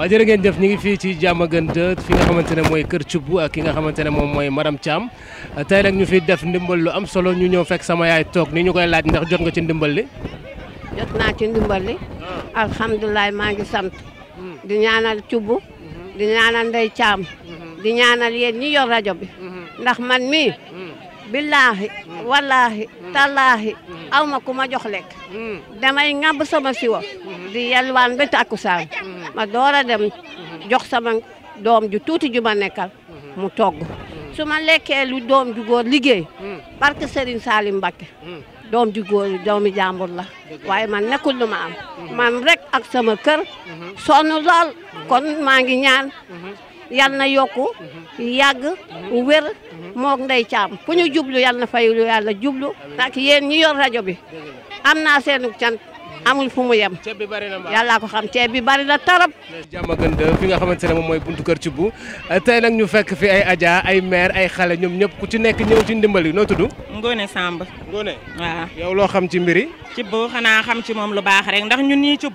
waa jërë ngeen jëf ñu ngi fii ci Diamaguène 2 fi nga xamante ne mooy Kër Cubb ak ki nga xamante ne moom mooy madame Thiam tey nag ñu fi def ndimbal lu am solo ñu ñëw fekk sama yaay toog ni ñu koy laaj ndax jot nga ci ndimbal li. jot naa ci ndimbal li. Ah. maa ngi sant. Hmm. di ñaanal cubb hmm. di ñaanal ndey Thiam. Hmm. di ñaanal yéen ñi yor rajo bi. ndax man mii. billaahi wallaahi tallaahi aw ma ku ma jox lekk mm. damay ŋàbb sama siwa mm-hmm. di yalwaan ba takkusaan mm-hmm. ma door a dem mm-hmm. jox sama doom ju tuuti ju ma nekkal mu togg su ma lekkee lu doom ju góor liggéey mm. barke Serigne Salim Mbakke mm. doom ju góor doomi jàmbur la waaye man nekkul lu ma am man rek ak sama kër kon maa yal na yokk yàgg wér moog ndey caam fu ñu jublu yal na fayulu yàlla jublu ak yéen ñi yor rajo bi am naa seenug cant amul fu mu yem ceeb bi bari na yàllaa ko xam ceeb bi bari na tarab jàmm gën fi nga xamante ne moom mooy buntu kër ci bu tey nag ñu fekk fi ay aja ay maire ay xale ñoom ñëpp ku ci nekk ñëw ci ndimbali yi noo tudd Ngone Samb Ngone waaw loo xam ci mbir yi ci bu xanaa xam ci moom lu baax rek ndax ñun ñii ci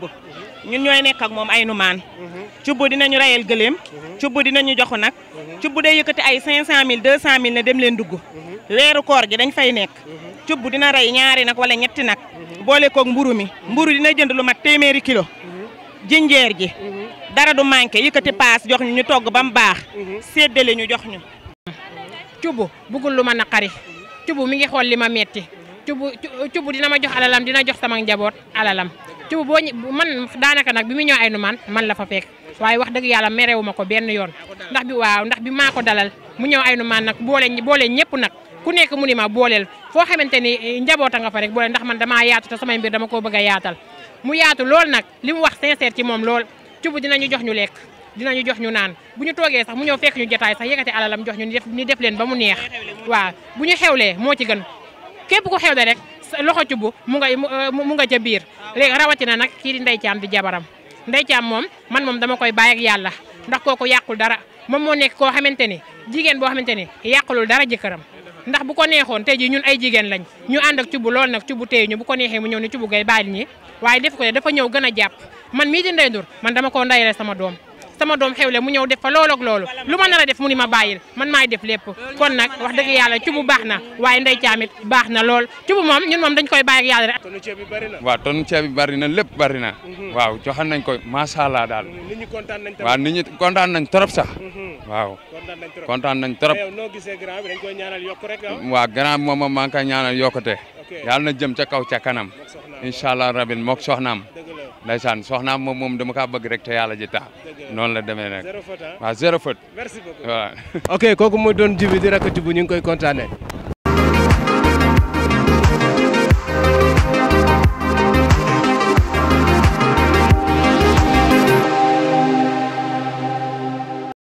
ñun ñooy nekk ak moom ay numaan mhm. cubbu ñu rayal gëléem mhm. cubbu ñu joxu nag mhm. cubbu day yëkkati ay 500000 200000 ne dem leen dugg weeru koor gi dañ fay nekk cubbu dina rey ñaari nag wala ñetti nag boole koog mburu mi mburu dina jënd lu mat téeméeri kilo jinjeer ji dara du manqué yëkkati paas jox ñu ñu togg ba mu baax séddale ñu jox ñu cubu bëggul lu ma naqari cubu mi ngi xool li ma metti cubu cubu dina ma jox alalam dina jox sama njaboot alalam cubu boo man daanaka nag bi mu ñëw ay nu man man la fa fekk waaye wax dëgg yàlla merewu ma ko benn yoon ndax bi waaw ndax bi maa ko dalal mu ñëw ay nu man nag boole boole ñëpp nag ku nekk mu ni ma booleel foo xamante ni eh, njaboota nga fa rek boole ndax man damaa yaatu te samay mbir dama koo bëgg a yaatal mu yaatu lool nag li mu wax sincère ci moom lool cubu ñu jox ñu lekk dinañu jox ñu naan bu ñu toogee sax mu ñëw fekk ñu jotaay sax yëkkati alalam jox ñu ni def leen ba mu neex waaw bu ñu xewlee moo ci gën képp ku xewle rek loxo cubu mu nga eh, mu nga ca biir léegi rawatina nag kii di Ndeye Thiam di jabaram Ndeye moom man moom dama koy bàyyi ak yàlla ndax koo ko yàqul dara moom moo nekk koo xamante ne jigéen boo xamante ne yàqulul dara jëkkëram ndax bu ko neexoon tey jii ñun ay jigéen lañ ñu ànd ak cubu lool nag cubu teeyu ñu bu ko neexee mu ñëw ne cubu gay baal ñi waaye def ko dafa ñëw gën a jàpp man mii di Ndeye Ndour man dama koo ndayale sama doom sama doom xewle mu ñëw def fa loolu loolo loolu lu ma nar def mu ni ma bàyyil man maay def lépp kon na wax dëgg yàlla cubu baax na waaye ndey caamit baax na lool cubu moom ñun moom dañ koy bàyyi ak yàlla rek. tonu ceeb bi bari na ceeb bari na lépp bari na. Mhm. waaw joxan nañ ko macha allah daal. nit ñi kontaan nañ trop kontaan nañ trop sax. Mhm. waaw kontaan nañ trop yow noo gisee grand bi ñaanal yokk rek ah. waaw moom maa ngi yokkute yàlla na jëm ca kaw ca kanam incha allah rabin mook soxnaam ndaysaan soxnaam moom moom dama kaa bëgg rek te yàlla ji tax noonu la demee nag waaw zéro faute merci beaucoup ok kooku mooy doon jibi di rakk jibu ñu ngi koy kontaane